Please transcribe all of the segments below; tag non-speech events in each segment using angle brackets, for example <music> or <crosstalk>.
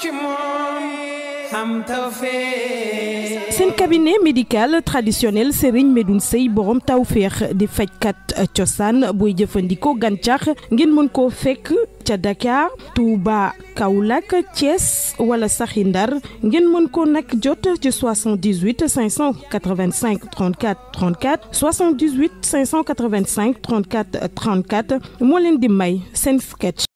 ci moom am cabinet médical traditionnel Serigne Medoun Sey borom tawfeex di fajkat cosaan booy jëfandikoo gantiax ngeen mën ko fekk ca Dakar Touba Kaolack Thiès wala Sakhindar Ndar ngeen mën ko nak jot ci 78 585 34 34 78 585 34 34 mo leen di may sen sketch.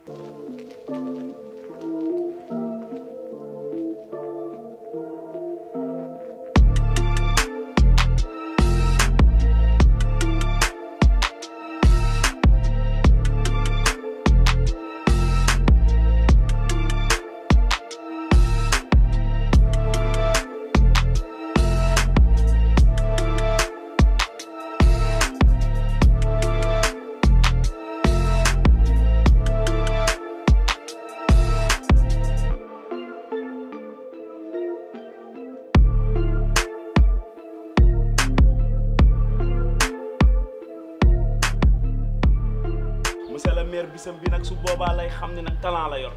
bisa bisam bi nak su boba lay xamni nak talent la yor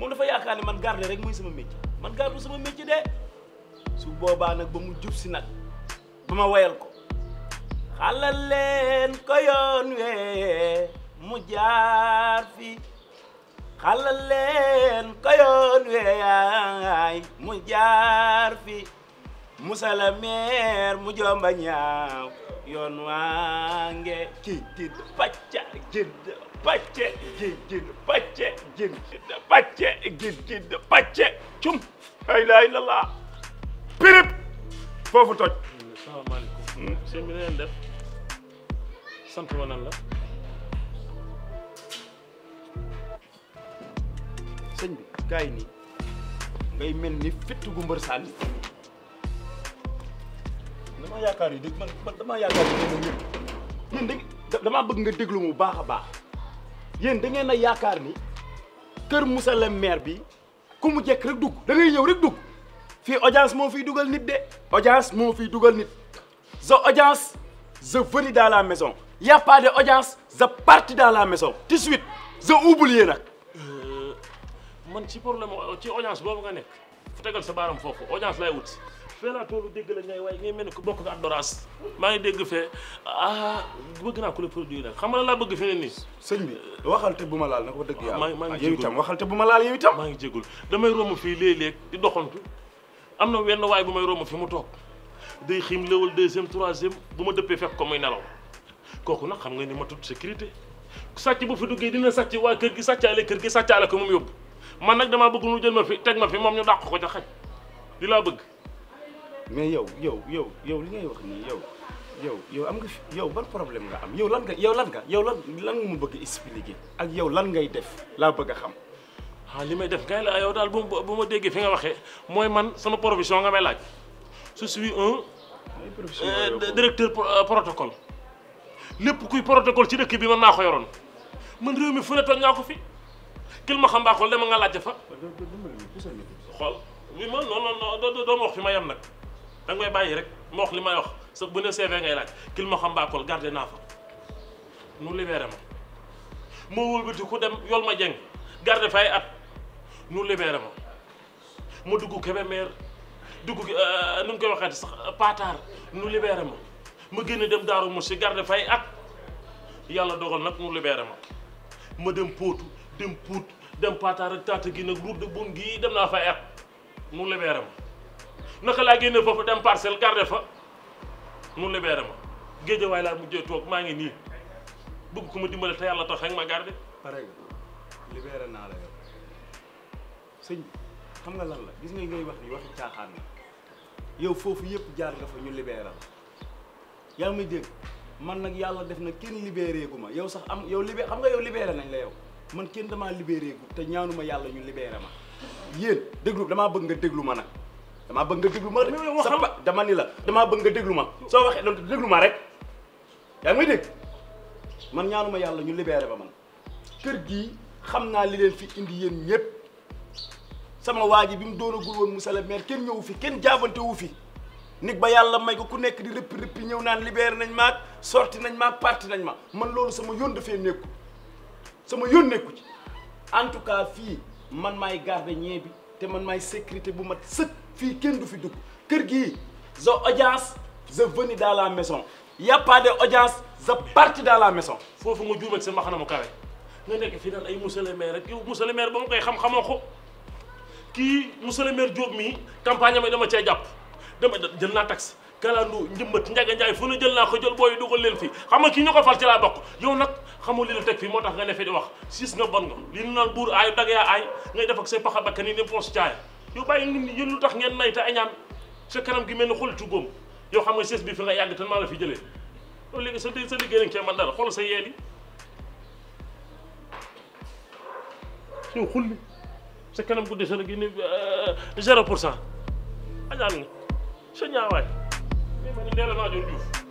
moom dafa yakane man garder rek mooy sama métier man garde sama métier de su boba nak ba mu jub si nak bama wayal ko xalal len ko yon wé mu jaar fi xalal len ko wé ay mu jaar fi musala mère mu jomba yon waange ki pàcce gin gin pàcce gin gin gin pàcce cum ay laa yi la laa pirip foofu toj salaamaaleykum hmm? sëñ bi neen def sant ma nan la sëñ bi gaa yi ni fitt gu mbër sànni damaa yaakaar yi dégg man man damaa yaakaar man yéen damaa bëgg nga déglu mu baax a baax yéen da ngeen yaakaar ni kër Moussa le maire bi ku mu jekk rek dugg da ngay ñëw rek dugg fii audience moo fiy dugal nit de. audience moo fiy dugal nit the audience je venue dans la maison y a pas de audience je parti dans la maison tout de suite je oublié nag. Euh, man ci problème ci audience boobu nga nekk fu tegal sa baaram foofu audience lay wut. fee laa dégg la ngay waaye ngay mel ni ku bokk nga adorance maa ngi dégg fee ah bëgg naa ku la produit nag xam nga laa bëgg fi ne nii. sëñ bi waxal te bu ma laal nag wax dëgg ah, yàlla. maa ngi jégalu yow te bu ma laal yow itam. maa ngi jégalu damay romb fii léeg-léeg di am na wenn waay bu may romb fi mu toog day xim léwal deuxième troisième bu ma dëppee fekk ko muy nelaw kooku nag xam nga ni ma tudd sécurité sàcc bu fi duggee dina sàcc waa kër gi sàccaale kër gi sàccaale ko moom yóbbu man nag damaa bëgg nu jël ma fi teg ma fi moom ñu dàq ko ca xaj di laa bëgg mais yow yow yow yow li ngay wax nii yow yow yow am nga yow ban problème nga am yow lan nga yow lan nga yow lan lan mu bëgg expliquer ak yow lan ngay def laa bëgg a xam. ah li may def kay la yow daal bu bu ma déggee fi nga waxee mooy man sama provision nga may laaj je suis un. Euh, directeur euh, protocole. lépp kuy protocole ci dëkk bi man maa ko yoroon man réew mi fu ne toog ko fi kil ma xam mbaa xool dama nga laaj fa. xool oui man non non non wax fi ma yem nag. danga may bàyyi rek ma wax li may wax sax bu ne CV ngay laaj kil ma xam mbaakool garde naa fa nu libéré ma ma jeng garde fay dugg euh, nu ngi koy waxeeti sax Pataar nu libéré ma ma génn dem Daaru Moussi garde fay at yàlla dogal nag nu libéré ma ma dem Potou dem Pout dem Pataar ak Tataguine ak route de Boune gii dem naa fay at nu libéré ma naka laa génne foofu dem parcelle garde fa mu libéré ma géejawaay laa mujjee toog maa ngi nii bëgg ku ma dimbale te yàlla tax rek ma garde pare nga naa la yow sëñ bi xam nga lan la gis nga ngay wax ni waxi caaxaan na yow foofu yëpp jaar nga fa ñu libéré la yaa may dégg man nag yàlla def na kenn libéré gu ma yow sax am yow libéré xam nga yow libeere nañ la yow man kenn damaa libéré te ñaanuma yàlla ñu libéré ma yéen déglu damaa bëgg nga déglu ma nag damaa bëgg nga déglu ma rek dama ni la damaa bëgg nga déglu ma soo waxee donc déglu ma rek yaa ngi may man ñaanuma yàlla ñu libeere ba man kër gi xam naa li leen fi indi yéen ñëpp sama waa ji bi mu a woon monsieur le maire kenn ñëwu fi kenn jaabante fi nit ba yàlla may ko ku nekk di rëppi rëppi ñëw naan libéré nañ ma sorti nañ ma parti nañ ma man loolu sama yoon dafee nekku sama yoon nekku ci en tout cas fii man maay gardien bi te man maay sécurité bu mat sëkk Kergi, kenn du fi dug keur gi the audience the venu dans la maison y a pas de audience the parti dans la maison fofu nga juum ak sa mbaxana mu nga nek fi dal ay monsieur le maire rek yow monsieur le maire bam koy xam xamoko ki kii monsieur le maire djob mi campagne may dama ci japp dama jël naa taxe kalandu njëmbat njaga njaay fu ne jël na ko jël booy dugal leen fi xam nga ki ñuko fal ci la bok yow nak xamul li la tek fi motax nga ne fi di wax siis nga bon nga li ñu naan buur dag yaa ngay def ak say paxa bakani ne fonce tiaye yow bàyyi nit lu tax ngeen nay ta añaan sa kanam gi mel ni xolitu góom yow xam nga sées bi fi nga yàgg maa la fi jëlee loolu léegi sa sa liggéey lañ cee man dara xool sa yeel yi yow xulli sa kanam gu dese la génne euh, zéro añaan nga sa ñaawaay mais ma ne ndee la maa joon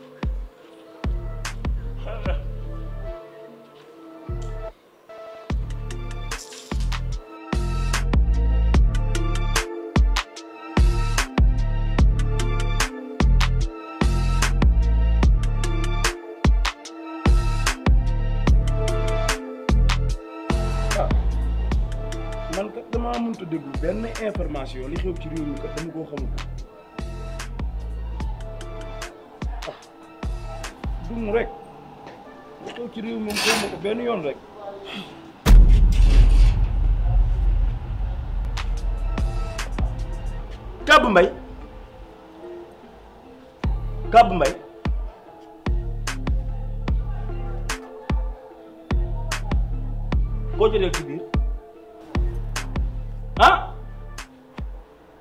damaa mënta déglu benn information li xew ci réew mi kat dama koo xamul ah, dum rek li xew ci réew mi Ik xaw ma ko benn yoon rek Kàbb Mbay Kàbb Mbay koo ci ci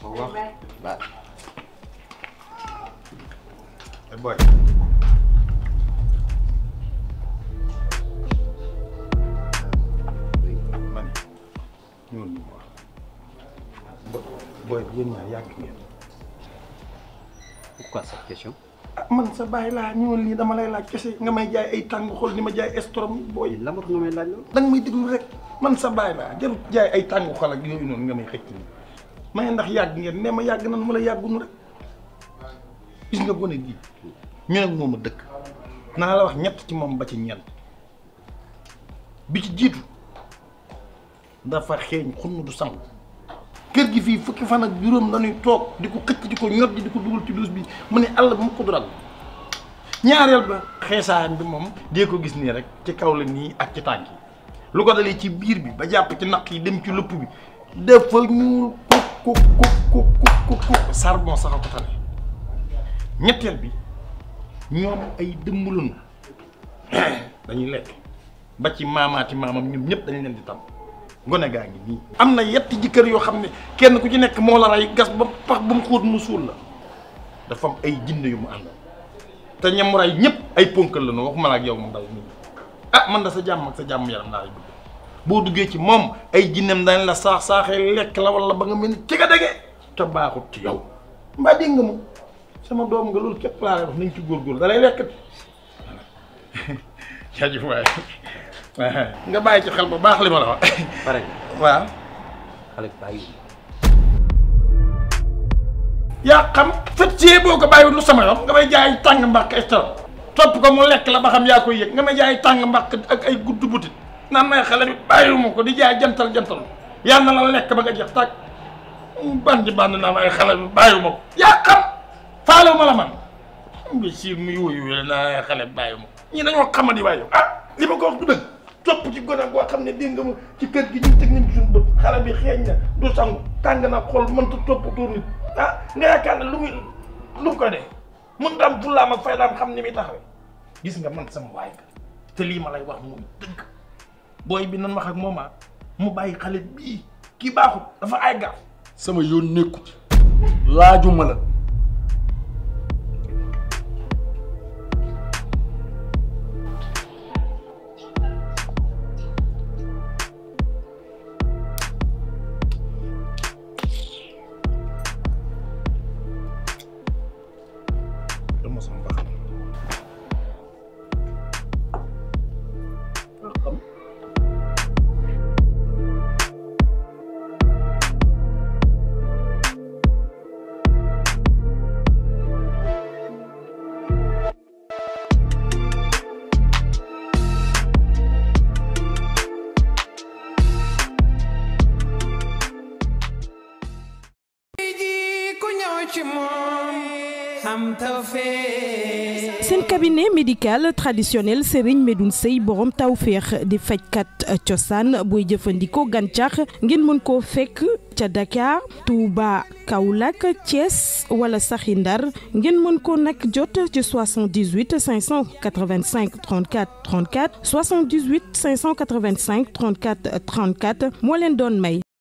Au revoir. Bye. Bye. Hey boy. man ñëwal ñu wax yàgg ngeen. pourquoi cette question. ah man sa bàyyi laa ñëwal dama lay laaj kese nga may jaay ay tàng xool ni ma jaay estrom booy. la moo tax nga may laaj loolu. da may déglu rek man sa bàyyi laa jarul jaay ay tàng xool ak yooyu noonu nga may xëcc ma ndax yàgg ngeen ne ma yàgg nan mu la yàggunu rek gis nga gone gi ñu nag moom a dëkk naa la wax ñett ci moom ba ci ñen bi ci jiitu dafa xeeñ xunn du sangu kër gi fii fukki fan ak juróom dañuy toog di ko xëcc di ko ñot di ko dugal ci duus bi mu ne àll bi mu ko dural ñaareel ba xeesaan bi moom dee ko gis nii rek ci kaw la nii ak ci tànk yi lu ko dalee ci biir bi ba jàpp ci naq yi dem ci lupp bi dafa ñuul ku ku ku ku ku charbon sax a ko tane ñetteel bi ñoom ay dëmbulunu <clears throat> dañuy lekk ba ci maamaati maamam ñun ñëpp dañu leen di tam gone gaa ngi nii. am na yetti jikkër yoo xam ne kenn ku ci nekk moo la rey gas ba pax ba mu xóot mu suul la dafa am ay jinne yu mu àndal te ñam rey ñëpp ay ponkal la noo waxuma la ak yow moom daal ah man da sa jàmm ak sa jàmm yaram laa bëgg boo duggee ci moom ay jinnam daan la saax saaxee lekk la wala ba nga mel ni ci nga dege te baaxut ci yow mba dégg nga ma sama doom nga loolu képp laa lay nañ ci góorgóorlu da lay lekk. <laughs> jaajëf <laughs> bàyyi ci xel bu baax li ma la wax. yaa xam fëccee boo ko bàyyiwul lu sama yoon nga may jaay tàng mbàkk et topp ko mu lekk la ba xam yaa koy yëg nga may jaay tàng mbàkk ak ay gudd butit namay xalé bi bàyyiwuma ko di jaay jantal jantal yal na la lek ba nga jeex tak ban ji bànn naan ay xale bi bàyyiwuma ko yaa kan? xam faalew mala man bi si mi wuyu la ay xale bi bàyyiwuma ko ñii ah li ma ko wax du deug top ci gona go xamne ne nga ma ci kër gi ñu tek nañ ci sun bët xalé bi xéñ na du sang tang na xol ta top tuur nit ah nga yaakaar na lu muy lu ko dee mën da am fullaam ak faydaam xam ni mi taxawee gis nga man sama way te li ma lay wax moom deug booy bi nan wax ak moom ah, mu bàyyi xale bii kii baaxut dafa ay gaaf sama yoon nekku ci laajuma la cabinet médical traditionnel Serigne Medoune borom tawféex di fajkat cosaan booy jëfandikoo gàncax ngeen mën ko fekk Touba Kaoulak, Thiès wala Sakhindar, Ndar ngeen ko 78 585 34 34 78 585 34 34 Molen leen may.